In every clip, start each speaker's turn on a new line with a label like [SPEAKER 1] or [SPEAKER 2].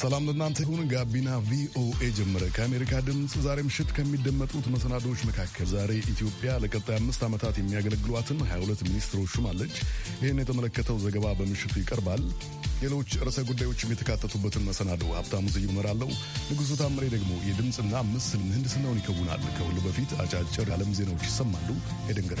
[SPEAKER 1] ሰላም ለእናንተ ይሁን። ጋቢና ቪኦኤ ጀመረ። ከአሜሪካ ድምፅ ዛሬ ምሽት ከሚደመጡት መሰናዶዎች መካከል ዛሬ ኢትዮጵያ ለቀጣይ አምስት ዓመታት የሚያገለግሏትን 22 ሚኒስትሮች ሹማለች። ይህን የተመለከተው ዘገባ በምሽቱ ይቀርባል። ሌሎች ርዕሰ ጉዳዮችም የተካተቱበትን መሰናዶ ሀብታሙ ስዩም እመራለሁ። ንጉሡ ታምሬ ደግሞ የድምፅና ምስል ምህንድስናውን ይከውናል። ከሁሉ በፊት አጫጭር የዓለም ዜናዎች ይሰማሉ። የደንገረ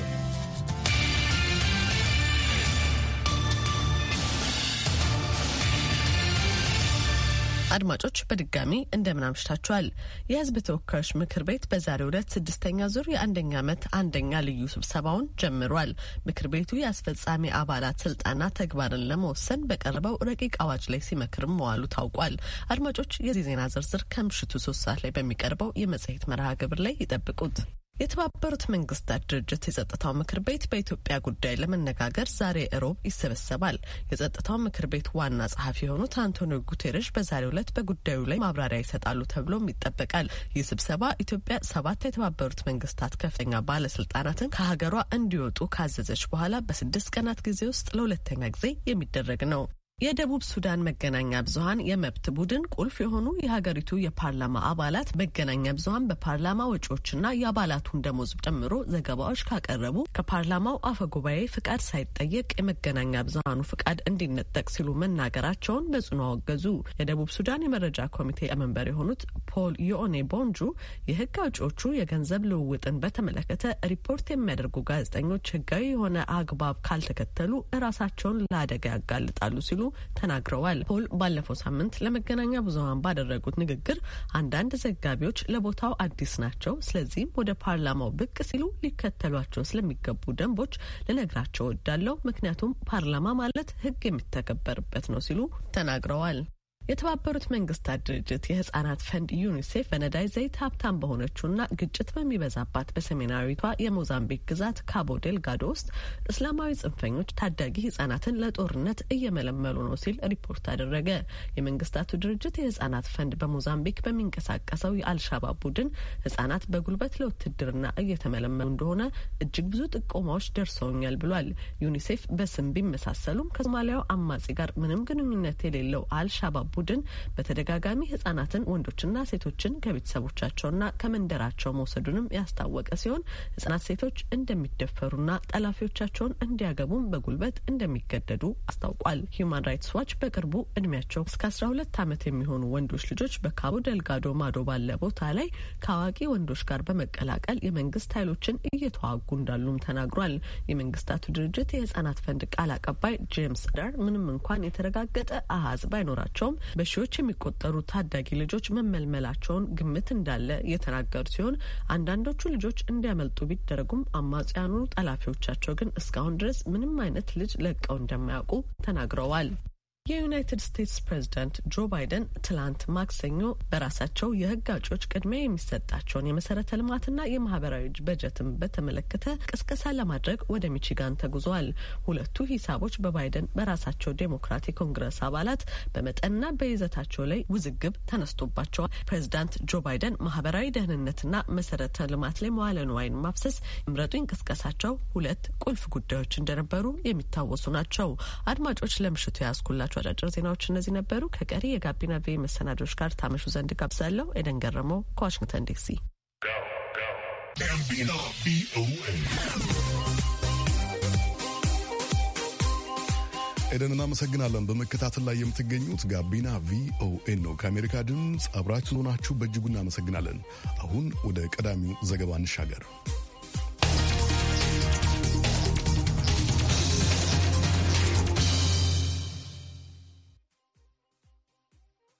[SPEAKER 2] አድማጮች በድጋሚ እንደምን አምሽታችኋል። የህዝብ ተወካዮች ምክር ቤት በዛሬው ዕለት ስድስተኛ ዙር የአንደኛ ዓመት አንደኛ ልዩ ስብሰባውን ጀምሯል። ምክር ቤቱ የአስፈጻሚ አባላት ስልጣንና ተግባርን ለመወሰን በቀረበው ረቂቅ አዋጅ ላይ ሲመክርም መዋሉ ታውቋል። አድማጮች የዚህ ዜና ዝርዝር ከምሽቱ ሶስት ሰዓት ላይ በሚቀርበው የመጽሔት መርሃ ግብር ላይ ይጠብቁት። የተባበሩት መንግስታት ድርጅት የጸጥታው ምክር ቤት በኢትዮጵያ ጉዳይ ለመነጋገር ዛሬ እሮብ ይሰበሰባል። የጸጥታው ምክር ቤት ዋና ጸሐፊ የሆኑት አንቶኒዮ ጉቴሬሽ በዛሬው ዕለት በጉዳዩ ላይ ማብራሪያ ይሰጣሉ ተብሎም ይጠበቃል። ይህ ስብሰባ ኢትዮጵያ ሰባት የተባበሩት መንግስታት ከፍተኛ ባለስልጣናትን ከሀገሯ እንዲወጡ ካዘዘች በኋላ በስድስት ቀናት ጊዜ ውስጥ ለሁለተኛ ጊዜ የሚደረግ ነው። የደቡብ ሱዳን መገናኛ ብዙሀን የመብት ቡድን ቁልፍ የሆኑ የሀገሪቱ የፓርላማ አባላት መገናኛ ብዙሀን በፓርላማ ወጪዎችና የአባላቱን ደሞዝ ጨምሮ ዘገባዎች ካቀረቡ ከፓርላማው አፈጉባኤ ፍቃድ ሳይጠየቅ የመገናኛ ብዙሀኑ ፍቃድ እንዲነጠቅ ሲሉ መናገራቸውን በጽኑ አወገዙ። የደቡብ ሱዳን የመረጃ ኮሚቴ መንበር የሆኑት ፖል ዮኦኔ ቦንጁ የህግ አውጪዎቹ የገንዘብ ልውውጥን በተመለከተ ሪፖርት የሚያደርጉ ጋዜጠኞች ህጋዊ የሆነ አግባብ ካልተከተሉ እራሳቸውን ለአደጋ ያጋልጣሉ ሲሉ ተናግረዋል። ፖል ባለፈው ሳምንት ለመገናኛ ብዙሀን ባደረጉት ንግግር አንዳንድ ዘጋቢዎች ለቦታው አዲስ ናቸው፣ ስለዚህም ወደ ፓርላማው ብቅ ሲሉ ሊከተሏቸው ስለሚገቡ ደንቦች ልነግራቸው እወዳለሁ፣ ምክንያቱም ፓርላማ ማለት ህግ የሚተገበርበት ነው ሲሉ ተናግረዋል። የተባበሩት መንግስታት ድርጅት የህጻናት ፈንድ ዩኒሴፍ በነዳጅ ዘይት ሀብታም በሆነችውና ግጭት በሚበዛባት በሰሜናዊቷ የሞዛምቢክ ግዛት ካቦ ዴልጋዶ ውስጥ እስላማዊ ጽንፈኞች ታዳጊ ህጻናትን ለጦርነት እየመለመሉ ነው ሲል ሪፖርት አደረገ። የመንግስታቱ ድርጅት የህጻናት ፈንድ በሞዛምቢክ በሚንቀሳቀሰው የአልሻባብ ቡድን ህጻናት በጉልበት ለውትድርና እየተመለመሉ እንደሆነ እጅግ ብዙ ጥቆማዎች ደርሰውኛል ብሏል። ዩኒሴፍ በስም ቢመሳሰሉም ከሶማሊያው አማጺ ጋር ምንም ግንኙነት የሌለው አልሻባብ ቡድን በተደጋጋሚ ህጻናትን ወንዶችና ሴቶችን ከቤተሰቦቻቸውና ከመንደራቸው መውሰዱንም ያስታወቀ ሲሆን ህጻናት ሴቶች እንደሚደፈሩና ጠላፊዎቻቸውን እንዲያገቡም በጉልበት እንደሚገደዱ አስታውቋል። ሂዩማን ራይትስ ዋች በቅርቡ እድሜያቸው እስከ አስራ ሁለት ዓመት የሚሆኑ ወንዶች ልጆች በካቦ ደልጋዶ ማዶ ባለ ቦታ ላይ ከአዋቂ ወንዶች ጋር በመቀላቀል የመንግስት ኃይሎችን እየተዋጉ እንዳሉም ተናግሯል። የመንግስታቱ ድርጅት የህጻናት ፈንድ ቃል አቀባይ ጄምስ ዳር ምንም እንኳን የተረጋገጠ አሀዝ ባይኖራቸውም በሺዎች የሚቆጠሩ ታዳጊ ልጆች መመልመላቸውን ግምት እንዳለ የተናገሩ ሲሆን አንዳንዶቹ ልጆች እንዲያመልጡ ቢደረጉም አማጽያኑ ጠላፊዎቻቸው ግን እስካሁን ድረስ ምንም አይነት ልጅ ለቀው እንደማያውቁ ተናግረዋል። የዩናይትድ ስቴትስ ፕሬዝዳንት ጆ ባይደን ትላንት ማክሰኞ በራሳቸው የህግ አውጪዎች ቅድሚያ የሚሰጣቸውን የመሰረተ ልማትና የማህበራዊ በጀትን በተመለከተ ቅስቀሳ ለማድረግ ወደ ሚቺጋን ተጉዟል። ሁለቱ ሂሳቦች በባይደን በራሳቸው ዴሞክራት የኮንግረስ አባላት በመጠንና በይዘታቸው ላይ ውዝግብ ተነስቶባቸዋል። ፕሬዝዳንት ጆ ባይደን ማህበራዊ ደህንነትና መሰረተ ልማት ላይ መዋለ ንዋይን ማፍሰስ ምረጡኝ ቅስቀሳቸው ሁለት ቁልፍ ጉዳዮች እንደነበሩ የሚታወሱ ናቸው። አድማጮች ለምሽቱ ያዝኩላቸው አጫጭር ዜናዎች እነዚህ ነበሩ። ከቀሪ የጋቢና ቪ መሰናዶች ጋር ታመሹ ዘንድ ጋብዛለሁ። ኤደን ገረመው ከዋሽንግተን
[SPEAKER 1] ዲሲ ኤደን እናመሰግናለን። በመከታተል ላይ የምትገኙት ጋቢና ቪኦኤ ነው። ከአሜሪካ ድምፅ አብራችሁ ሆናችሁ በእጅጉ እናመሰግናለን። አሁን ወደ ቀዳሚው ዘገባ እንሻገር።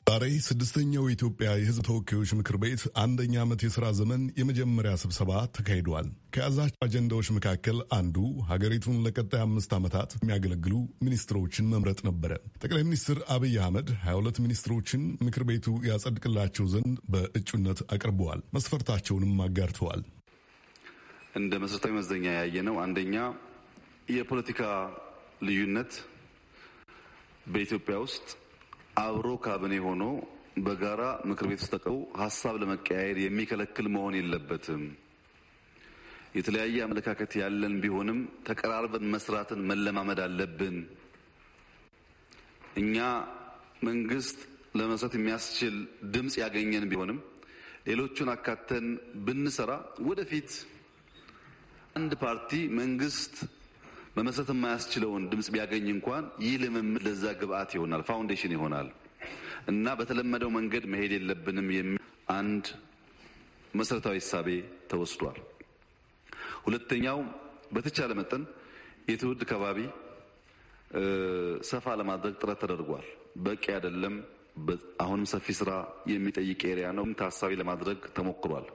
[SPEAKER 1] ዛሬ ስድስተኛው የኢትዮጵያ የሕዝብ ተወካዮች ምክር ቤት አንደኛ ዓመት የሥራ ዘመን የመጀመሪያ ስብሰባ ተካሂዷል። ከያዛቸው አጀንዳዎች መካከል አንዱ ሀገሪቱን ለቀጣይ አምስት ዓመታት የሚያገለግሉ ሚኒስትሮችን መምረጥ ነበረ። ጠቅላይ ሚኒስትር አብይ አህመድ 22 ሚኒስትሮችን ምክር ቤቱ ያጸድቅላቸው ዘንድ በእጩነት አቅርበዋል። መስፈርታቸውንም አጋርተዋል።
[SPEAKER 3] እንደ መሠረታዊ መዘኛ ያየ ነው። አንደኛ የፖለቲካ ልዩነት በኢትዮጵያ ውስጥ አብሮ ካቢኔ ሆኖ በጋራ ምክር ቤት ውስጥ ሀሳብ ለመቀያየር የሚከለክል መሆን የለበትም። የተለያየ አመለካከት ያለን ቢሆንም ተቀራርበን መስራትን መለማመድ አለብን። እኛ መንግስት ለመስራት የሚያስችል ድምፅ ያገኘን ቢሆንም ሌሎቹን አካተን ብንሰራ ወደፊት አንድ ፓርቲ መንግስት መመስረት የማያስችለውን ድምፅ ቢያገኝ እንኳን ይህ ልምምድ ለዛ ግብአት ይሆናል፣ ፋውንዴሽን ይሆናል እና በተለመደው መንገድ መሄድ የለብንም የሚል አንድ መሰረታዊ እሳቤ ተወስዷል። ሁለተኛው በተቻለ መጠን የትውልድ ከባቢ ሰፋ ለማድረግ ጥረት ተደርጓል። በቂ አይደለም። አሁንም ሰፊ ስራ የሚጠይቅ ኤሪያ ነው። ታሳቢ ለማድረግ ተሞክሯል።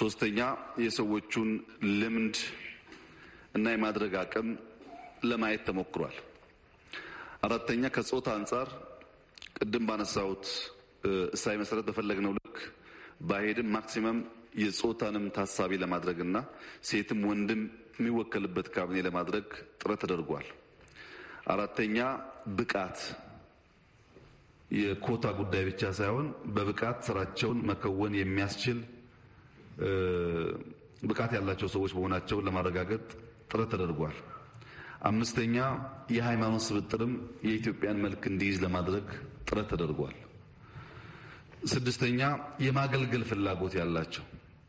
[SPEAKER 3] ሶስተኛ የሰዎቹን ልምድ እና የማድረግ አቅም ለማየት ተሞክሯል። አራተኛ ከጾታ አንጻር ቅድም ባነሳሁት እሳይ መሰረት በፈለግነው ልክ ባሄድም ማክሲመም የጾታንም ታሳቢ ለማድረግና ሴትም ወንድም የሚወከልበት ካቢኔ ለማድረግ ጥረት ተደርጓል። አራተኛ ብቃት የኮታ ጉዳይ ብቻ ሳይሆን በብቃት ስራቸውን መከወን የሚያስችል ብቃት ያላቸው ሰዎች መሆናቸውን ለማረጋገጥ ጥረት ተደርጓል። አምስተኛ የሃይማኖት ስብጥርም የኢትዮጵያን መልክ እንዲይዝ ለማድረግ ጥረት ተደርጓል። ስድስተኛ የማገልገል ፍላጎት ያላቸው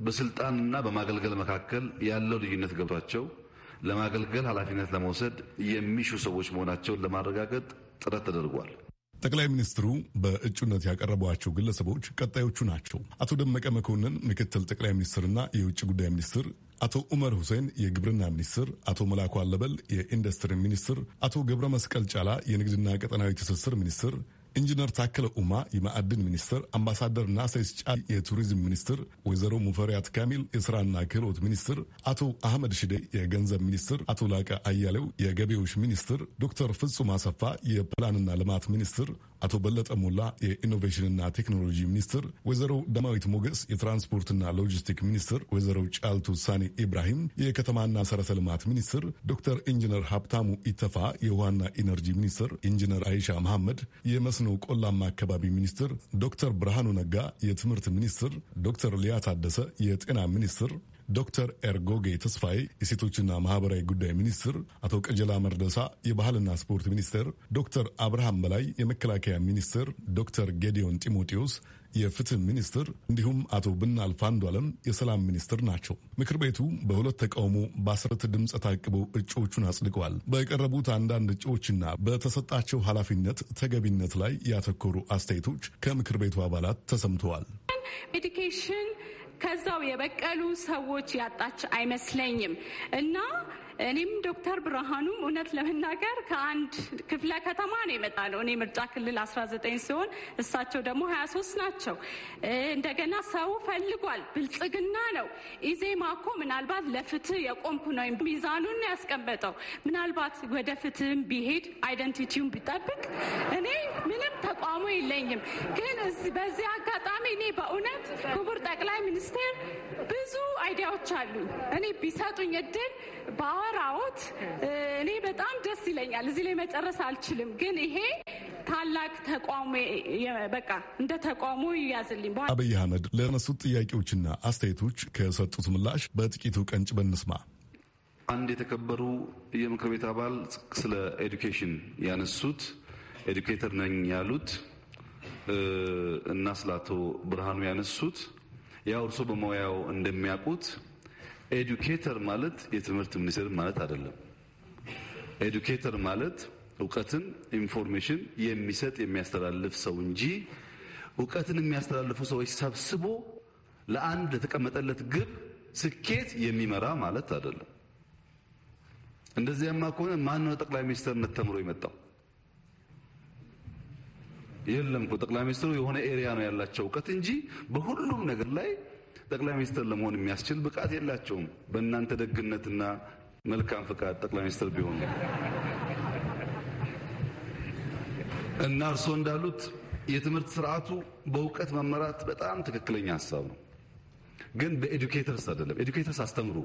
[SPEAKER 3] በስልጣንና በማገልገል መካከል ያለው ልዩነት ገብቷቸው ለማገልገል ኃላፊነት ለመውሰድ የሚሹ ሰዎች መሆናቸውን ለማረጋገጥ ጥረት ተደርጓል።
[SPEAKER 1] ጠቅላይ ሚኒስትሩ በእጩነት ያቀረቧቸው ግለሰቦች ቀጣዮቹ ናቸው። አቶ ደመቀ መኮንን ምክትል ጠቅላይ ሚኒስትርና የውጭ ጉዳይ ሚኒስትር፣ አቶ ዑመር ሁሴን የግብርና ሚኒስትር፣ አቶ መላኩ አለበል የኢንዱስትሪ ሚኒስትር፣ አቶ ገብረ መስቀል ጫላ የንግድና ቀጠናዊ ትስስር ሚኒስትር፣ ኢንጂነር ታከለ ኡማ የማዕድን ሚኒስትር፣ አምባሳደር ናሴስ ጫ የቱሪዝም ሚኒስትር፣ ወይዘሮ ሙፈሪያት ካሚል የስራና ክህሎት ሚኒስትር፣ አቶ አህመድ ሽዴ የገንዘብ ሚኒስትር፣ አቶ ላቀ አያሌው የገቢዎች ሚኒስትር፣ ዶክተር ፍጹም አሰፋ የፕላንና ልማት ሚኒስትር አቶ በለጠ ሞላ የኢኖቬሽንና ቴክኖሎጂ ሚኒስትር፣ ወይዘሮ ዳማዊት ሞገስ የትራንስፖርትና ሎጂስቲክ ሚኒስትር፣ ወይዘሮ ጫልቱ ሳኔ ኢብራሂም የከተማና ሰረተ ልማት ሚኒስትር፣ ዶክተር ኢንጂነር ሀብታሙ ኢተፋ የውሃና ኢነርጂ ሚኒስትር፣ ኢንጂነር አይሻ መሐመድ የመስኖ ቆላማ አካባቢ ሚኒስትር፣ ዶክተር ብርሃኑ ነጋ የትምህርት ሚኒስትር፣ ዶክተር ሊያ ታደሰ የጤና ሚኒስትር ዶክተር ኤርጎጌ ተስፋዬ የሴቶችና ማህበራዊ ጉዳይ ሚኒስትር፣ አቶ ቀጀላ መርደሳ የባህልና ስፖርት ሚኒስትር፣ ዶክተር አብርሃም በላይ የመከላከያ ሚኒስትር፣ ዶክተር ጌዲዮን ጢሞቴዎስ የፍትህ ሚኒስትር እንዲሁም አቶ ብናልፍ ዓለም የሰላም ሚኒስትር ናቸው። ምክር ቤቱ በሁለት ተቃውሞ በአስርት ድምፅ ታቅበው እጩዎቹን አጽድቀዋል። በቀረቡት አንዳንድ እጩዎችና በተሰጣቸው ኃላፊነት ተገቢነት ላይ ያተኮሩ አስተያየቶች ከምክር ቤቱ አባላት ተሰምተዋል።
[SPEAKER 2] ከዛው የበቀሉ ሰዎች ያጣች አይመስለኝም እና እኔም ዶክተር ብርሃኑም እውነት ለመናገር ከአንድ ክፍለ ከተማ ነው የመጣ ነው። እኔ ምርጫ ክልል 19 ሲሆን እሳቸው ደግሞ 23 ናቸው። እንደገና ሰው ፈልጓል። ብልጽግና ነው። ኢዜማ እኮ ምናልባት ለፍትህ የቆምኩ ነው ሚዛኑን ያስቀመጠው። ምናልባት ወደ ፍትህም ቢሄድ አይደንቲቲውን ቢጠብቅ እኔ ምንም ተቋሙ የለኝም። ግን በዚህ አጋጣሚ እኔ በእውነት ክቡር ጠቅላይ ሚኒስቴር ብዙ አይዲያዎች አሉ እኔ ቢሰጡኝ እድል ባወራዎት እኔ በጣም ደስ ይለኛል። እዚህ ላይ መጨረስ አልችልም፣ ግን ይሄ ታላቅ ተቋሙ በቃ እንደ ተቋሙ ይያዝልኝ። አብይ
[SPEAKER 1] አህመድ ለነሱት ጥያቄዎችና አስተያየቶች ከሰጡት ምላሽ በጥቂቱ ቀንጭ በንስማ።
[SPEAKER 3] አንድ የተከበሩ የምክር ቤት አባል ስለ ኤዱኬሽን ያነሱት ኤዱኬተር ነኝ ያሉት እና ስለ አቶ ብርሃኑ ያነሱት ያው እርሶ በሙያው እንደሚያውቁት ኤዱኬተር ማለት የትምህርት ሚኒስትር ማለት አይደለም። ኤዱኬተር ማለት እውቀትን ኢንፎርሜሽን የሚሰጥ የሚያስተላልፍ ሰው እንጂ እውቀትን የሚያስተላልፉ ሰዎች ሰብስቦ ለአንድ ለተቀመጠለት ግብ ስኬት የሚመራ ማለት አይደለም። እንደዚያማ ከሆነ ማን ነው ጠቅላይ ሚኒስትርነት ተምሮ የመጣው? የለም እኮ ጠቅላይ ሚኒስትሩ የሆነ ኤሪያ ነው ያላቸው እውቀት እንጂ በሁሉም ነገር ላይ ጠቅላይ ሚኒስትር ለመሆን የሚያስችል ብቃት የላቸውም። በእናንተ ደግነትና መልካም ፍቃድ ጠቅላይ ሚኒስትር ቢሆኑ እና እርስዎ እንዳሉት የትምህርት ስርዓቱ በእውቀት መመራት በጣም ትክክለኛ ሀሳብ ነው። ግን በኤዱኬተርስ አይደለም። ኤዱኬተርስ አስተምሩ፣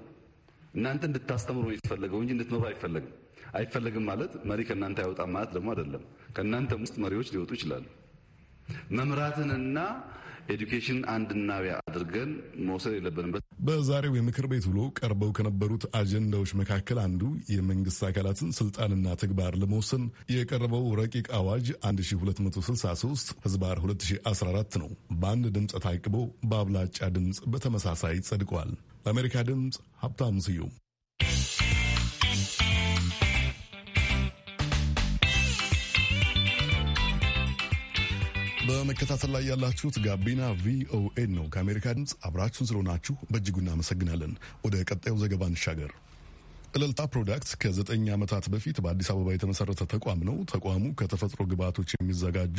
[SPEAKER 3] እናንተ እንድታስተምሩ የተፈለገው እንጂ እንድትመሩ አይፈለግም። አይፈለግም ማለት መሪ ከእናንተ አይወጣም ማለት ደግሞ አይደለም። ከእናንተ ውስጥ መሪዎች ሊወጡ ይችላሉ። መምራትንና ኤዱኬሽን አንድናዊያ አድርገን መውሰድ የለብንበት።
[SPEAKER 1] በዛሬው የምክር ቤት ውሎ ቀርበው ከነበሩት አጀንዳዎች መካከል አንዱ የመንግስት አካላትን ስልጣንና ተግባር ለመወሰን የቀረበው ረቂቅ አዋጅ 1263 ህዝባር 2014 ነው። በአንድ ድምፅ ታቅቦ በአብላጫ ድምፅ በተመሳሳይ ጸድቋል። ለአሜሪካ ድምፅ ሀብታሙ ስዩም በመከታተል ላይ ያላችሁት ጋቢና ቪኦኤ ነው። ከአሜሪካ ድምፅ አብራችሁን ስለሆናችሁ በእጅጉ እናመሰግናለን። ወደ ቀጣዩ ዘገባ እንሻገር። እልልታ ፕሮዳክት ከዘጠኝ ዓመታት በፊት በአዲስ አበባ የተመሰረተ ተቋም ነው። ተቋሙ ከተፈጥሮ ግብዓቶች የሚዘጋጁ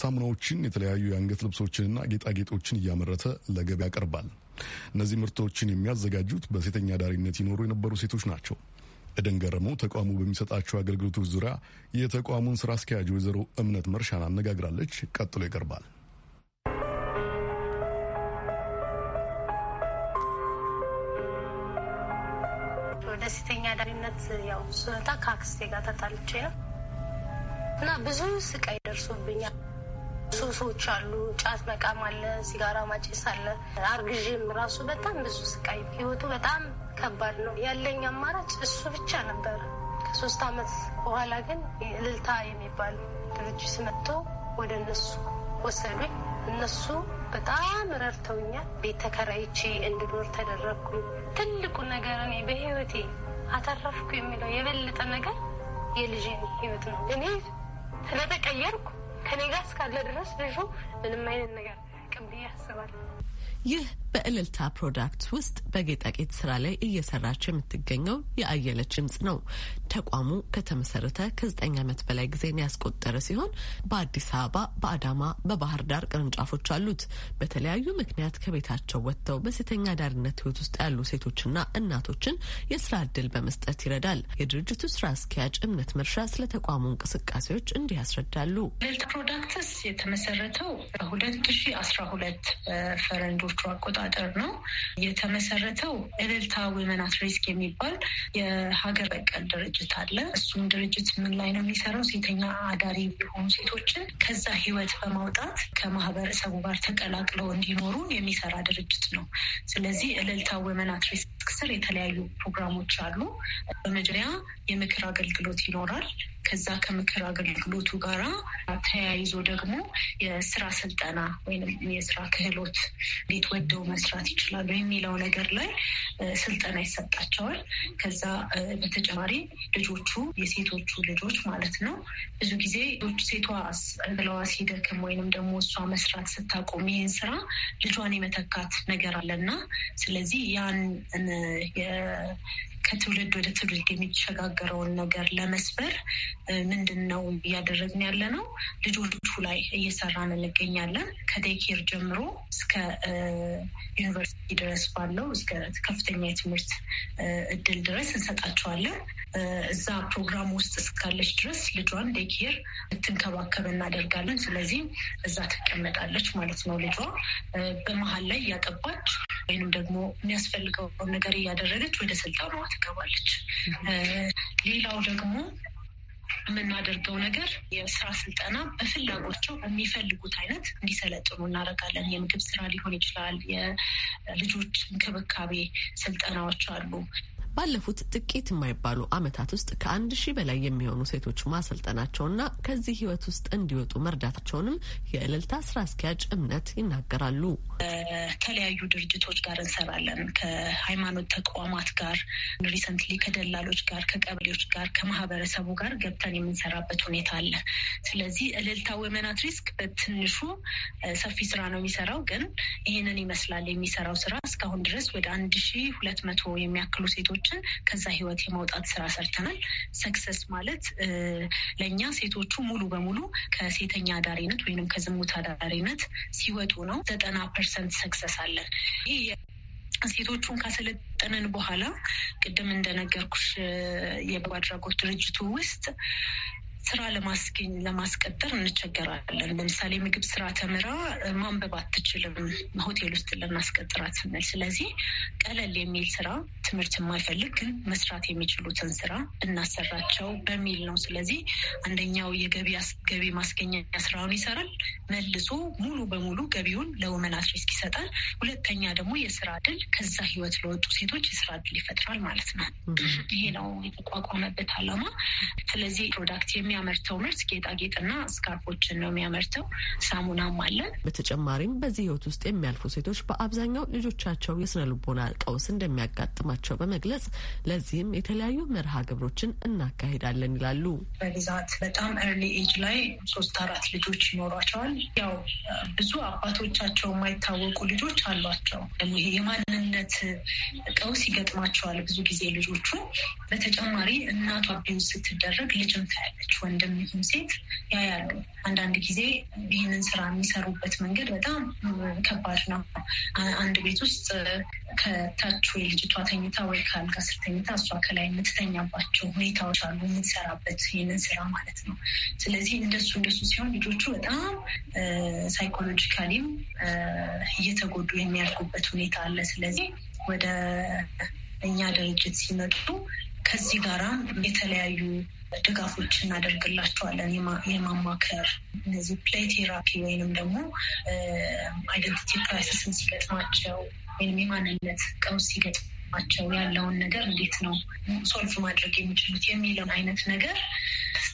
[SPEAKER 1] ሳሙናዎችን፣ የተለያዩ የአንገት ልብሶችንና ጌጣጌጦችን እያመረተ ለገበያ ያቀርባል። እነዚህ ምርቶችን የሚያዘጋጁት በሴተኛ ዳሪነት ይኖሩ የነበሩ ሴቶች ናቸው። እደን ገረመው ተቋሙ በሚሰጣቸው አገልግሎቶች ዙሪያ የተቋሙን ስራ አስኪያጅ ወይዘሮ እምነት መርሻን አነጋግራለች። ቀጥሎ ይቀርባል።
[SPEAKER 4] ወደ ሴተኛ አዳሪነት ያው ስመጣ ከአክስቴ ጋር ተጣልቼ ነው እና ብዙ ስቃይ ደርሶብኛል። ሱሶች አሉ፣ ጫት መቃም አለ፣ ሲጋራ ማጨስ አለ። አርግዥም ራሱ በጣም ብዙ ስቃይ ህይወቱ በጣም ከባድ ነው። ያለኝ አማራጭ እሱ ብቻ ነበር። ከሶስት አመት በኋላ ግን እልልታ የሚባል ድርጅት መጥቶ ወደ እነሱ ወሰዱኝ። እነሱ በጣም ረድተውኛል። ቤት ተከራይቼ እንድኖር ተደረግኩ። ትልቁ ነገር እኔ በህይወቴ አተረፍኩ የሚለው የበለጠ ነገር የልጅን ህይወት ነው። እኔ ስለተቀየርኩ ከኔ ጋር እስካለ ድረስ ልጁ ምንም አይነት ነገር ቅም ብዬ አስባለሁ።
[SPEAKER 2] ይህ በእልልታ ፕሮዳክት ውስጥ በጌጣጌጥ ስራ ላይ እየሰራች የምትገኘው የአየለች ድምጽ ነው። ተቋሙ ከተመሰረተ ከዘጠኝ ዓመት በላይ ጊዜን ያስቆጠረ ሲሆን በአዲስ አበባ፣ በአዳማ፣ በባህር ዳር ቅርንጫፎች አሉት። በተለያዩ ምክንያት ከቤታቸው ወጥተው በሴተኛ አዳሪነት ህይወት ውስጥ ያሉ ሴቶችና እናቶችን የስራ እድል በመስጠት ይረዳል። የድርጅቱ ስራ አስኪያጅ እምነት መርሻ ስለ ተቋሙ እንቅስቃሴዎች እንዲህ ያስረዳሉ።
[SPEAKER 5] እልልታ
[SPEAKER 4] ፕሮዳክትስ የተመሰረተው በሁለት ሺ አስራ ሁለት ፈረንጆቹ አቆጣ አቆጣጠር ነው የተመሰረተው። እልልታ ዊመን አት ሪስክ የሚባል የሀገር በቀል ድርጅት አለ። እሱም ድርጅት ምን ላይ ነው የሚሰራው? ሴተኛ አዳሪ የሆኑ ሴቶችን ከዛ ህይወት በማውጣት ከማህበረሰቡ ጋር ተቀላቅለው እንዲኖሩ የሚሰራ ድርጅት ነው። ስለዚህ እልልታ ዊመን አት ሪስክ ስር የተለያዩ ፕሮግራሞች አሉ። በመጀመሪያ የምክር አገልግሎት ይኖራል። ከዛ ከምክር አገልግሎቱ ጋር ተያይዞ ደግሞ የስራ ስልጠና ወይም የስራ ክህሎት እንዴት ወደው መስራት ይችላሉ የሚለው ነገር ላይ ስልጠና ይሰጣቸዋል። ከዛ በተጨማሪ ልጆቹ የሴቶቹ ልጆች ማለት ነው ብዙ ጊዜ ሴቷ ብለዋ ሲደክም ወይንም ደግሞ እሷ መስራት ስታቆም ይህን ስራ ልጇን የመተካት ነገር አለና ስለዚህ ያን ከትውልድ ወደ ትውልድ የሚሸጋገረውን ነገር ለመስበር ምንድን ነው እያደረግን ያለ ነው? ልጆቹ ላይ እየሰራን እንገኛለን። ከዴኬር ጀምሮ እስከ ዩኒቨርሲቲ ድረስ ባለው እስከ ከፍተኛ የትምህርት እድል ድረስ እንሰጣቸዋለን። እዛ ፕሮግራም ውስጥ እስካለች ድረስ ልጇን ዴኬር ልትንከባከብ እናደርጋለን። ስለዚህ እዛ ትቀመጣለች ማለት ነው። ልጇ በመሀል ላይ እያጠባች ወይንም ደግሞ የሚያስፈልገውን ነገር እያደረገች ወደ ስልጠናዋ ትገባለች። ሌላው ደግሞ የምናደርገው ነገር የስራ ስልጠና በፍላጎቸው በሚፈልጉት አይነት እንዲሰለጥኑ እናደርጋለን። የምግብ ስራ ሊሆን ይችላል። የልጆች እንክብካቤ ስልጠናዎች አሉ።
[SPEAKER 2] ባለፉት ጥቂት የማይባሉ አመታት ውስጥ ከአንድ ሺህ በላይ የሚሆኑ ሴቶች ማሰልጠናቸውና ከዚህ ህይወት ውስጥ እንዲወጡ መርዳታቸውንም የእልልታ ስራ አስኪያጅ እምነት ይናገራሉ።
[SPEAKER 4] ከተለያዩ ድርጅቶች ጋር እንሰራለን። ከሃይማኖት ተቋማት ጋር፣ ሪሰንትሊ ከደላሎች ጋር፣ ከቀበሌዎች ጋር፣ ከማህበረሰቡ ጋር ገብተን የምንሰራበት ሁኔታ አለ። ስለዚህ እልልታ ወመናት ሪስክ በትንሹ ሰፊ ስራ ነው የሚሰራው። ግን ይህንን ይመስላል የሚሰራው ስራ እስካሁን ድረስ ወደ አንድ ሺህ ሁለት መቶ የሚያክሉ ሴቶች ሴቶችን ከዛ ህይወት የማውጣት ስራ ሰርተናል። ሰክሰስ ማለት ለእኛ ሴቶቹ ሙሉ በሙሉ ከሴተኛ አዳሪነት ወይም ከዝሙት አዳሪነት ሲወጡ ነው። ዘጠና ፐርሰንት ሰክሰስ አለን። ይህ ሴቶቹን ካሰለጠንን በኋላ ቅድም እንደነገርኩሽ የበጎ አድራጎት ድርጅቱ ውስጥ ስራ ለማስገኝ ለማስቀጠር እንቸገራለን። ለምሳሌ ምግብ ስራ ተምራ ማንበብ አትችልም ሆቴል ውስጥ ለማስቀጥራት ስንል። ስለዚህ ቀለል የሚል ስራ ትምህርት የማይፈልግ ግን መስራት የሚችሉትን ስራ እናሰራቸው በሚል ነው። ስለዚህ አንደኛው የገቢ ገቢ ማስገኛ ስራውን ይሰራል፣ መልሶ ሙሉ በሙሉ ገቢውን ለውመን አት ሪስክ ይሰጣል። ሁለተኛ ደግሞ የስራ እድል ከዛ ህይወት ለወጡ ሴቶች የስራ እድል ይፈጥራል ማለት ነው። ይሄ ነው የተቋቋመበት አላማ። ስለዚህ ፕሮዳክት የሚያመርተው ምርት ጌጣጌጥና ስካርፎችን ነው
[SPEAKER 2] የሚያመርተው። ሳሙናም አለን። በተጨማሪም በዚህ ህይወት ውስጥ የሚያልፉ ሴቶች በአብዛኛው ልጆቻቸው የስነ ልቦና ቀውስ እንደሚያጋጥማቸው በመግለጽ ለዚህም የተለያዩ መርሃ ግብሮችን እናካሄዳለን ይላሉ።
[SPEAKER 4] በብዛት በጣም ኤርሊ ኤጅ ላይ ሶስት አራት ልጆች ይኖሯቸዋል። ያው ብዙ አባቶቻቸው የማይታወቁ ልጆች አሏቸው። ይሄ የማንነት ቀውስ ይገጥማቸዋል ብዙ ጊዜ ልጆቹ። በተጨማሪ እናቷ ቢውዝ ስትደረግ ልጅም ታያለች። ወንድም ይሁን ሴት ያያሉ። አንዳንድ ጊዜ ይህንን ስራ የሚሰሩበት መንገድ በጣም ከባድ ነው። አንድ ቤት ውስጥ ከታች ወይ ልጅቷ ተኝታ ወይ ከአልጋ ስር ተኝታ እሷ ከላይ የምትተኛባቸው ሁኔታዎች አሉ፣ የምትሰራበት ይህንን ስራ ማለት ነው። ስለዚህ እንደሱ እንደሱ ሲሆን ልጆቹ በጣም ሳይኮሎጂካሊም እየተጎዱ የሚያድጉበት ሁኔታ አለ። ስለዚህ ወደ እኛ ድርጅት ሲመጡ ከዚህ ጋራም የተለያዩ ድጋፎች እናደርግላቸዋለን። የማማከር እነዚህ ፕሌይ ቴራፒ ወይንም ደግሞ አይደንቲቲ ክራይሲስን ሲገጥማቸው ወይም የማንነት ቀውስ ሲገጥም ናቸው ያለውን ነገር እንዴት ነው ሶልቭ ማድረግ የሚችሉት የሚለውን አይነት ነገር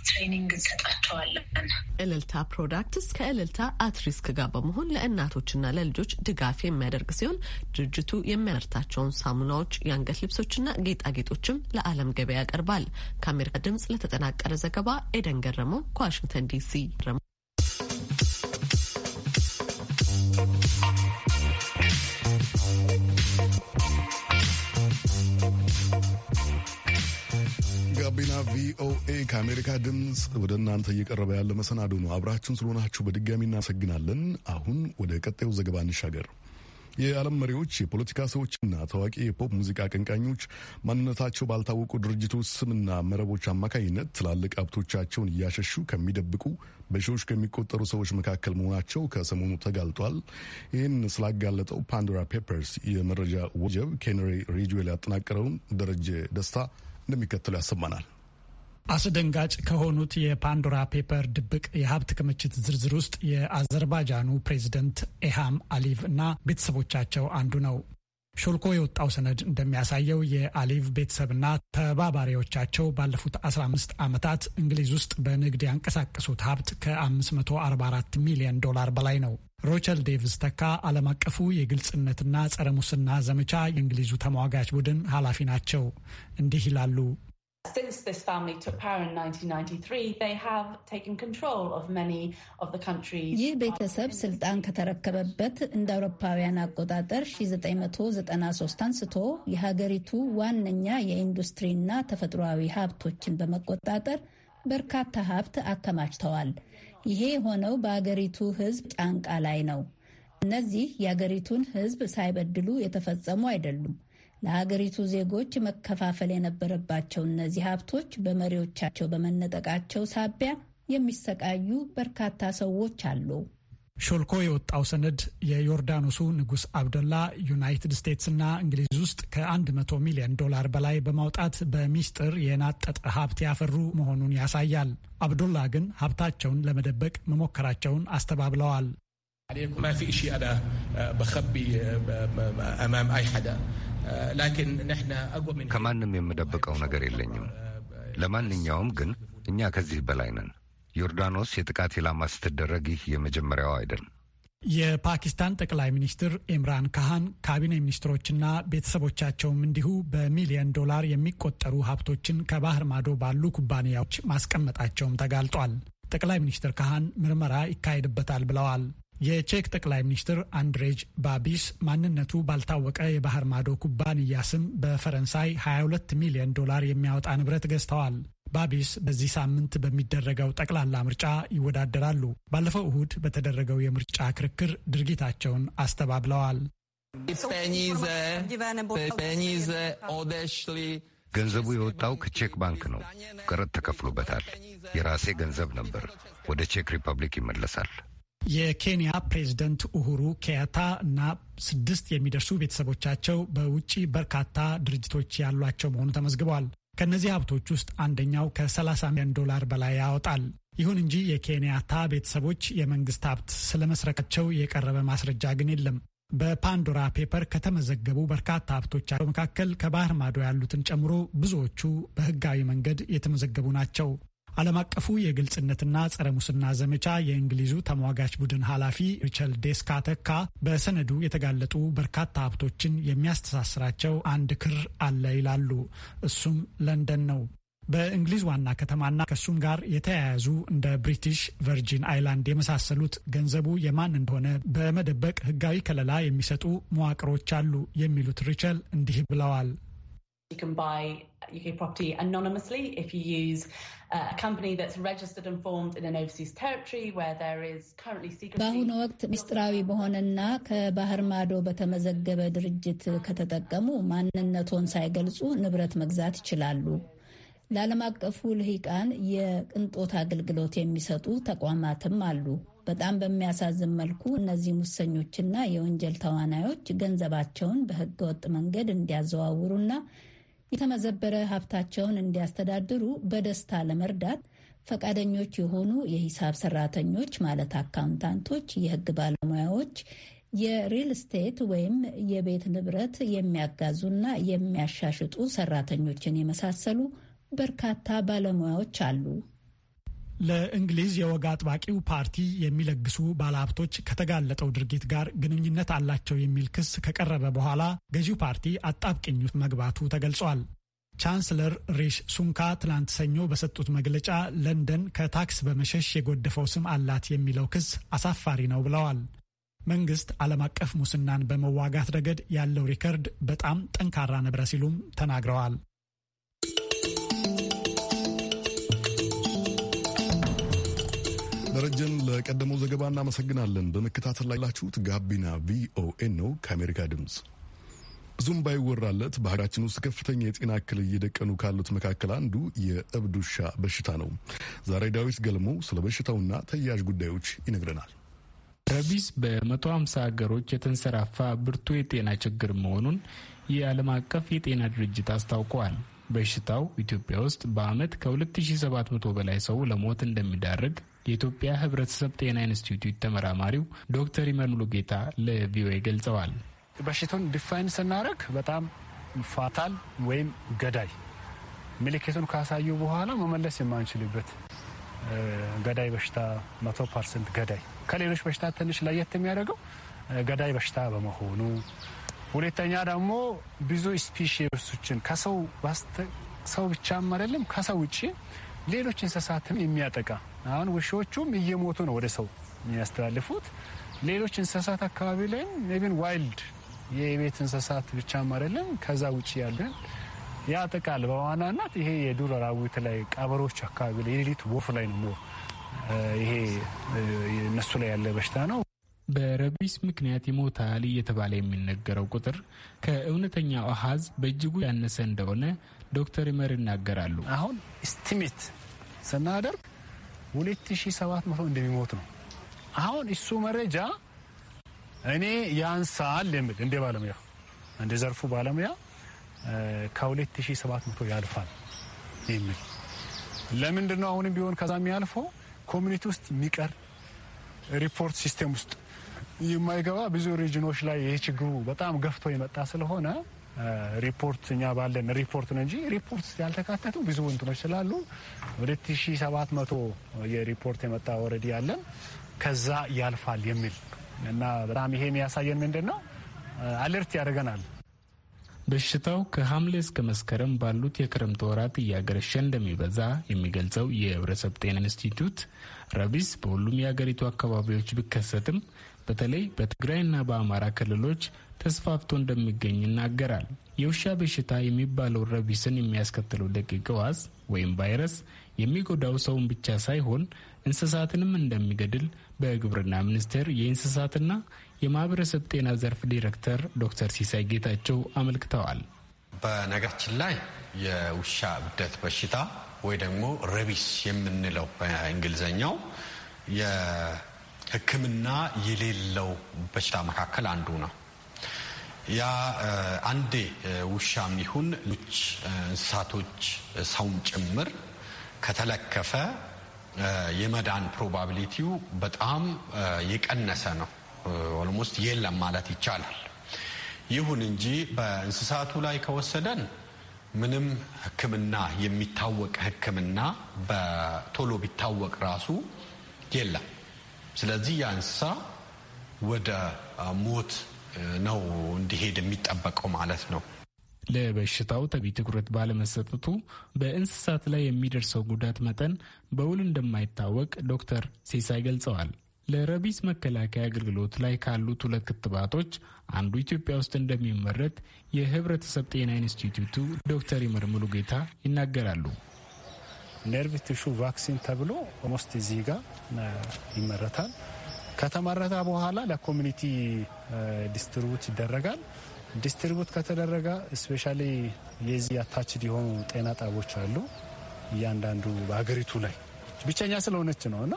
[SPEAKER 4] ትሬኒንግ እንሰጣቸዋለን።
[SPEAKER 2] እልልታ ፕሮዳክትስ ከእልልታ አትሪስክ ጋር በመሆን ለእናቶችና ለልጆች ድጋፍ የሚያደርግ ሲሆን ድርጅቱ የሚያመርታቸውን ሳሙናዎች፣ የአንገት ልብሶችና ጌጣጌጦችም ለዓለም ገበያ ያቀርባል። ከአሜሪካ ድምጽ ለተጠናቀረ ዘገባ ኤደን ገረመው ከዋሽንግተን ዲሲ።
[SPEAKER 1] ይህ ከአሜሪካ ድምፅ ወደ እናንተ እየቀረበ ያለ መሰናዶ ነው። አብራችሁን ስለሆናችሁ በድጋሚ እናመሰግናለን። አሁን ወደ ቀጣዩ ዘገባ እንሻገር። የዓለም መሪዎች፣ የፖለቲካ ሰዎችና ታዋቂ የፖፕ ሙዚቃ አቀንቃኞች ማንነታቸው ባልታወቁ ድርጅቶች ስምና መረቦች አማካኝነት ትላልቅ ሀብቶቻቸውን እያሸሹ ከሚደብቁ በሺዎች ከሚቆጠሩ ሰዎች መካከል መሆናቸው ከሰሞኑ ተጋልጧል። ይህን ስላጋለጠው ፓንዶራ ፔፐርስ የመረጃ ወጀብ ኬኔሪ ሪጅዌል ያጠናቀረውን ደረጀ ደስታ እንደሚከተሉ
[SPEAKER 6] ያሰማናል። አስደንጋጭ ከሆኑት የፓንዶራ ፔፐር ድብቅ የሀብት ክምችት ዝርዝር ውስጥ የአዘርባጃኑ ፕሬዚደንት ኤሃም አሊቭ እና ቤተሰቦቻቸው አንዱ ነው። ሾልኮ የወጣው ሰነድ እንደሚያሳየው የአሊቭ ቤተሰብና ተባባሪዎቻቸው ባለፉት 15 ዓመታት እንግሊዝ ውስጥ በንግድ ያንቀሳቀሱት ሀብት ከ544 ሚሊዮን ዶላር በላይ ነው። ሮቸል ዴቪስ ተካ ዓለም አቀፉ የግልጽነትና ጸረ ሙስና ዘመቻ የእንግሊዙ ተሟጋች ቡድን ኃላፊ ናቸው። እንዲህ ይላሉ።
[SPEAKER 2] Since this family took power in 1993, they have taken control of many of the countries. ይህ
[SPEAKER 7] ቤተሰብ ስልጣን ከተረከበበት እንደ አውሮፓውያን አቆጣጠር 1993 አንስቶ የሀገሪቱ ዋነኛ የኢንዱስትሪና ተፈጥሯዊ ሀብቶችን በመቆጣጠር በርካታ ሀብት አከማችተዋል። ይሄ የሆነው በአገሪቱ ሕዝብ ጫንቃ ላይ ነው። እነዚህ የአገሪቱን ሕዝብ ሳይበድሉ የተፈጸሙ አይደሉም። ለሀገሪቱ ዜጎች መከፋፈል የነበረባቸው እነዚህ ሀብቶች በመሪዎቻቸው በመነጠቃቸው ሳቢያ የሚሰቃዩ በርካታ
[SPEAKER 6] ሰዎች አሉ። ሾልኮ የወጣው ሰነድ የዮርዳኖሱ ንጉሥ አብደላ ዩናይትድ ስቴትስና እንግሊዝ ውስጥ ከ100 ሚሊዮን ዶላር በላይ በማውጣት በሚስጥር የናጠጠ ሀብት ያፈሩ መሆኑን ያሳያል። አብዶላ ግን ሀብታቸውን ለመደበቅ መሞከራቸውን አስተባብለዋል። ከማንም የምደብቀው ነገር የለኝም።
[SPEAKER 8] ለማንኛውም ግን እኛ ከዚህ በላይ ነን። ዮርዳኖስ የጥቃት ኢላማ ስትደረግ ይህ የመጀመሪያው አይደለም።
[SPEAKER 6] የፓኪስታን ጠቅላይ ሚኒስትር ኢምራን ካህን ካቢኔ ሚኒስትሮችና ቤተሰቦቻቸውም እንዲሁ በሚሊዮን ዶላር የሚቆጠሩ ሀብቶችን ከባህር ማዶ ባሉ ኩባንያዎች ማስቀመጣቸውም ተጋልጧል። ጠቅላይ ሚኒስትር ካህን ምርመራ ይካሄድበታል ብለዋል። የቼክ ጠቅላይ ሚኒስትር አንድሬጅ ባቢስ ማንነቱ ባልታወቀ የባህር ማዶ ኩባንያ ስም በፈረንሳይ 22 ሚሊዮን ዶላር የሚያወጣ ንብረት ገዝተዋል። ባቢስ በዚህ ሳምንት በሚደረገው ጠቅላላ ምርጫ ይወዳደራሉ። ባለፈው እሁድ በተደረገው የምርጫ ክርክር ድርጊታቸውን አስተባብለዋል።
[SPEAKER 7] ገንዘቡ የወጣው ከቼክ
[SPEAKER 8] ባንክ ነው። ቀረጥ ተከፍሎበታል። የራሴ ገንዘብ ነበር። ወደ ቼክ ሪፐብሊክ ይመለሳል።
[SPEAKER 6] የኬንያ ፕሬዝደንት ኡሁሩ ኬንያታ እና ስድስት የሚደርሱ ቤተሰቦቻቸው በውጭ በርካታ ድርጅቶች ያሏቸው መሆኑ ተመዝግበዋል። ከእነዚህ ሀብቶች ውስጥ አንደኛው ከ30 ሚሊዮን ዶላር በላይ ያወጣል። ይሁን እንጂ የኬንያታ ቤተሰቦች የመንግስት ሀብት ስለመስረቃቸው የቀረበ ማስረጃ ግን የለም። በፓንዶራ ፔፐር ከተመዘገቡ በርካታ ሀብቶቻቸው መካከል ከባህር ማዶ ያሉትን ጨምሮ ብዙዎቹ በህጋዊ መንገድ የተመዘገቡ ናቸው። ዓለም አቀፉ የግልጽነትና ጸረ ሙስና ዘመቻ የእንግሊዙ ተሟጋች ቡድን ኃላፊ ሪቸል ዴስካ ተካ በሰነዱ የተጋለጡ በርካታ ሀብቶችን የሚያስተሳስራቸው አንድ ክር አለ ይላሉ። እሱም ለንደን ነው። በእንግሊዝ ዋና ከተማና ከሱም ጋር የተያያዙ እንደ ብሪቲሽ ቨርጂን አይላንድ የመሳሰሉት ገንዘቡ የማን እንደሆነ በመደበቅ ሕጋዊ ከለላ የሚሰጡ መዋቅሮች አሉ የሚሉት ሪቸል እንዲህ ብለዋል።
[SPEAKER 2] You can buy UK property anonymously if you use በአሁኑ
[SPEAKER 7] ወቅት ምስጢራዊ በሆነና ከባህር ማዶ በተመዘገበ ድርጅት ከተጠቀሙ ማንነቶን ሳይገልጹ ንብረት መግዛት ይችላሉ። ለዓለም አቀፉ ልሂቃን የቅንጦት አገልግሎት የሚሰጡ ተቋማትም አሉ። በጣም በሚያሳዝን መልኩ እነዚህ ሙሰኞችና የወንጀል ተዋናዮች ገንዘባቸውን በህገወጥ መንገድ እንዲያዘዋውሩና የተመዘበረ ሀብታቸውን እንዲያስተዳድሩ በደስታ ለመርዳት ፈቃደኞች የሆኑ የሂሳብ ሰራተኞች ማለት አካውንታንቶች፣ የህግ ባለሙያዎች፣ የሪል ስቴት ወይም የቤት ንብረት የሚያጋዙና የሚያሻሽጡ ሰራተኞችን የመሳሰሉ በርካታ ባለሙያዎች አሉ።
[SPEAKER 6] ለእንግሊዝ የወግ አጥባቂው ፓርቲ የሚለግሱ ባለሀብቶች ከተጋለጠው ድርጊት ጋር ግንኙነት አላቸው የሚል ክስ ከቀረበ በኋላ ገዢው ፓርቲ አጣብቅኝ መግባቱ ተገልጿል። ቻንስለር ሪሽ ሱንካ ትናንት ሰኞ በሰጡት መግለጫ ለንደን ከታክስ በመሸሽ የጎደፈው ስም አላት የሚለው ክስ አሳፋሪ ነው ብለዋል። መንግስት ዓለም አቀፍ ሙስናን በመዋጋት ረገድ ያለው ሪከርድ በጣም ጠንካራ ነበረ ሲሉም ተናግረዋል። ደረጀን ለቀደመው
[SPEAKER 1] ዘገባ እናመሰግናለን። በመከታተል ላይ ላችሁት ጋቢና ቪኦኤ ነው ከአሜሪካ ድምፅ። ብዙም ባይወራለት በሀገራችን ውስጥ ከፍተኛ የጤና እክል እየደቀኑ ካሉት መካከል አንዱ የእብድ ውሻ በሽታ ነው። ዛሬ ዳዊት ገልሞ ስለ በሽታውና ተያያዥ ጉዳዮች ይነግረናል።
[SPEAKER 8] ረቢስ በ150 ሀገሮች የተንሰራፋ ብርቱ የጤና ችግር መሆኑን የዓለም አቀፍ የጤና ድርጅት አስታውቀዋል። በሽታው ኢትዮጵያ ውስጥ በዓመት ከ2700 በላይ ሰው ለሞት እንደሚዳርግ የኢትዮጵያ ህብረተሰብ ጤና ኢንስቲትዩት ተመራማሪው ዶክተር ኢመኑሉ ጌታ ለቪኦኤ ገልጸዋል። በሽታውን ዲፋይን
[SPEAKER 9] ስናደርግ በጣም ፋታል ወይም ገዳይ ምልክቱን ካሳዩ በኋላ መመለስ የማንችልበት ገዳይ በሽታ መቶ ፐርሰንት ገዳይ ከሌሎች በሽታ ትንሽ ለየት የሚያደርገው ገዳይ በሽታ በመሆኑ፣ ሁለተኛ ደግሞ ብዙ ስፒሺሶችን ከሰው ሰው ብቻም አይደለም ከሰው ውጭ ሌሎች እንስሳትም የሚያጠቃ አሁን ውሾቹም እየሞቱ ነው ወደ ሰው የሚያስተላልፉት። ሌሎች እንስሳት አካባቢ ላይም ኢቭን ዋይልድ የቤት እንስሳት ብቻም አይደለም ከዛ ውጭ ያለን ያጠቃል። በዋናናት ይሄ የዱር አራዊት ላይ ቀበሮች አካባቢ ላይ የሌሊት ወፍ ላይ ነው ይሄ እነሱ ላይ ያለ በሽታ ነው።
[SPEAKER 8] በረቢስ ምክንያት ይሞታል እየተባለ የሚነገረው ቁጥር ከእውነተኛው አሃዝ በእጅጉ ያነሰ እንደሆነ ዶክተር ይመር ይናገራሉ። አሁን
[SPEAKER 9] ስቲሜት ስናደርግ 2700 እንደሚሞት ነው። አሁን እሱ መረጃ እኔ ያንሳል የሚል እንደ ባለሙያ እንደ ዘርፉ ባለሙያ ከ2700 ያልፋል የሚል ለምንድን ነው አሁንም ቢሆን ከዛ የሚያልፈው ኮሚኒቲ ውስጥ የሚቀር ሪፖርት ሲስተም ውስጥ የማይገባ ብዙ ሪጅኖች ላይ ይህ ችግሩ በጣም ገፍቶ የመጣ ስለሆነ ሪፖርት እኛ ባለን ሪፖርት ነው እንጂ ሪፖርት ያልተካተቱ ብዙ እንትኖች ስላሉ ሁለት የሪፖርት የመጣ ወረዲ ያለን ከዛ ያልፋል የሚል እና በጣም ይሄ የሚያሳየን ምንድን ነው አለርት ያደርገናል።
[SPEAKER 8] በሽታው ከሐምሌ እስከ መስከረም ባሉት የክረምት ወራት እያገረሸ እንደሚበዛ የሚገልጸው የህብረተሰብ ጤና ኢንስቲትዩት ረቢስ በሁሉም የአገሪቱ አካባቢዎች ቢከሰትም በተለይ በትግራይና በአማራ ክልሎች ተስፋፍቶ እንደሚገኝ ይናገራል። የውሻ በሽታ የሚባለው ረቢስን የሚያስከትለው ደቂቅ ዋዝ ወይም ቫይረስ የሚጎዳው ሰውን ብቻ ሳይሆን እንስሳትንም እንደሚገድል በግብርና ሚኒስቴር የእንስሳትና የማህበረሰብ ጤና ዘርፍ ዲሬክተር ዶክተር ሲሳይ ጌታቸው አመልክተዋል። በነገራችን ላይ የውሻ እብደት በሽታ ወይ ደግሞ ረቢስ የምንለው በእንግሊዝኛው ሕክምና የሌለው በሽታ መካከል አንዱ ነው። ያ አንዴ ውሻም ይሁን ሌሎች እንስሳቶች ሰውም ጭምር ከተለከፈ የመዳን ፕሮባቢሊቲው በጣም የቀነሰ ነው። ኦልሞስት የለም ማለት ይቻላል። ይሁን እንጂ በእንስሳቱ ላይ ከወሰደን ምንም ህክምና የሚታወቅ ህክምና በቶሎ ቢታወቅ ራሱ የለም። ስለዚህ ያ እንስሳ ወደ ሞት ነው እንዲሄድ የሚጠበቀው ማለት ነው። ለበሽታው ተቢ ትኩረት ባለመሰጠቱ በእንስሳት ላይ የሚደርሰው ጉዳት መጠን በውል እንደማይታወቅ ዶክተር ሴሳይ ገልጸዋል። ለረቢስ መከላከያ አገልግሎት ላይ ካሉት ሁለት ክትባቶች አንዱ ኢትዮጵያ ውስጥ እንደሚመረት የህብረተሰብ ጤና ኢንስቲትዩቱ ዶክተር ይመርምሉ ጌታ ይናገራሉ።
[SPEAKER 9] ነርቭ ቲሹ ቫክሲን ተብሎ ኦሞስት እዚህ ጋር ይመረታል። ከተመረተ በኋላ ለኮሚኒቲ ዲስትሪቡት ይደረጋል። ዲስትሪቡት ከተደረገ እስፔሻሊ የዚህ አታችድ የሆኑ ጤና ጣቦች አሉ። እያንዳንዱ በሀገሪቱ ላይ ብቸኛ ስለሆነች ነው እና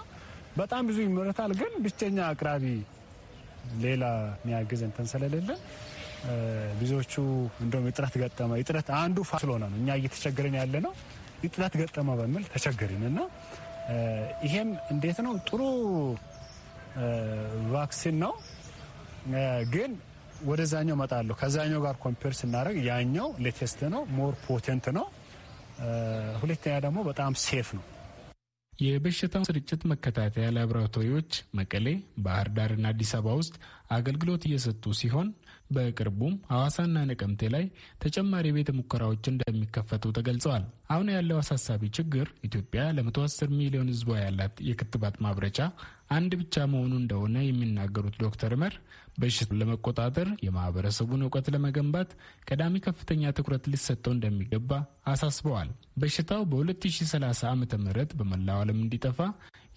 [SPEAKER 9] በጣም ብዙ ይመረታል። ግን ብቸኛ አቅራቢ ሌላ የሚያግዝ እንትን ስለሌለ ብዙዎቹ እንደውም እጥረት ገጠመ። እጥረት አንዱ ስለሆነ ነው እኛ እየተቸገረን ያለ ነው። ጥላት ገጠመው በሚል ተቸገርን እና ይሄም እንዴት ነው ጥሩ ቫክሲን ነው ግን ወደዛኛው መጣለሁ። ከዛኛው ጋር ኮምፔር ስናደርግ ያኛው ሌቴስት ነው፣ ሞር ፖቴንት ነው። ሁለተኛ ደግሞ በጣም ሴፍ ነው።
[SPEAKER 8] የበሽታው ስርጭት መከታተያ ላብራቶሪዎች መቀሌ፣ ባህር ዳርና አዲስ አበባ ውስጥ አገልግሎት እየሰጡ ሲሆን በቅርቡም ሐዋሳና ነቀምቴ ላይ ተጨማሪ ቤተ ሙከራዎች እንደሚከፈቱ ተገልጸዋል። አሁን ያለው አሳሳቢ ችግር ኢትዮጵያ ለ110 ሚሊዮን ህዝቧ ያላት የክትባት ማብረቻ አንድ ብቻ መሆኑ እንደሆነ የሚናገሩት ዶክተር እመር በሽታን ለመቆጣጠር የማህበረሰቡን እውቀት ለመገንባት ቀዳሚ ከፍተኛ ትኩረት ሊሰጠው እንደሚገባ አሳስበዋል። በሽታው በ2030 ዓ ም በመላው ዓለም እንዲጠፋ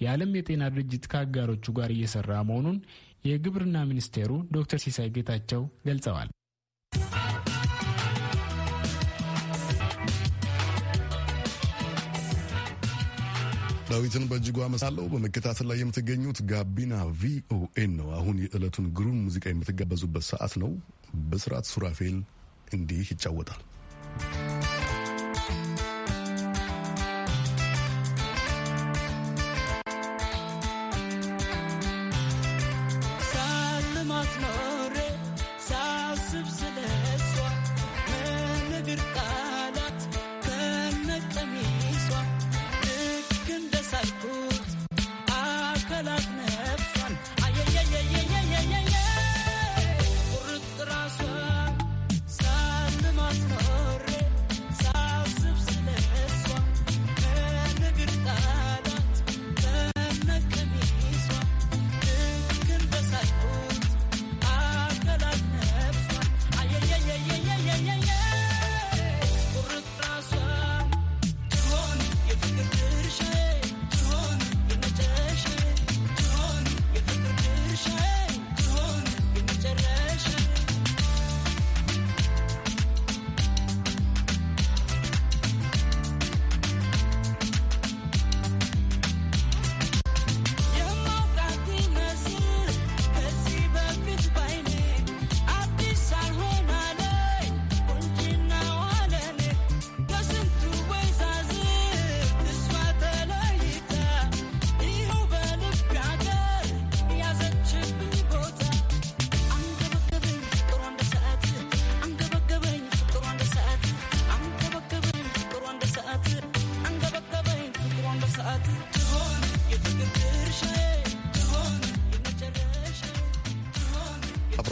[SPEAKER 8] የዓለም የጤና ድርጅት ከአጋሮቹ ጋር እየሰራ መሆኑን የግብርና ሚኒስቴሩ ዶክተር ሲሳይ ጌታቸው ገልጸዋል።
[SPEAKER 1] ዳዊትን በእጅጉ አመሳለሁ። በመከታተል ላይ የምትገኙት ጋቢና ቪኦኤን ነው። አሁን የዕለቱን ግሩም ሙዚቃ የምትጋበዙበት ሰዓት ነው። በስርዓት ሱራፌል እንዲህ ይጫወታል።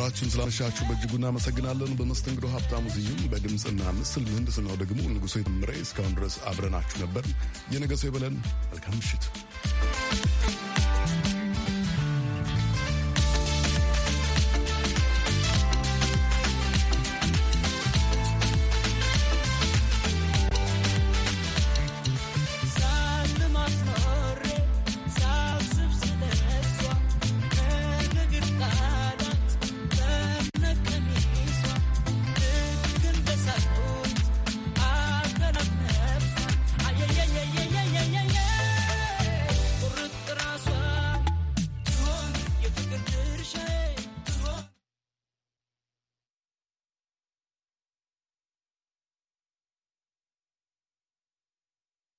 [SPEAKER 1] አብራችሁን ስላመሻችሁ በእጅጉ እናመሰግናለን። በመስተንግዶ ሀብታሙ ስዩም፣ በድምፅና ምስል ምህንድስናው ደግሞ ንጉሴ ምሬ። እስካሁን ድረስ አብረናችሁ ነበር። የነገ ሰው ይበለን። መልካም ምሽት።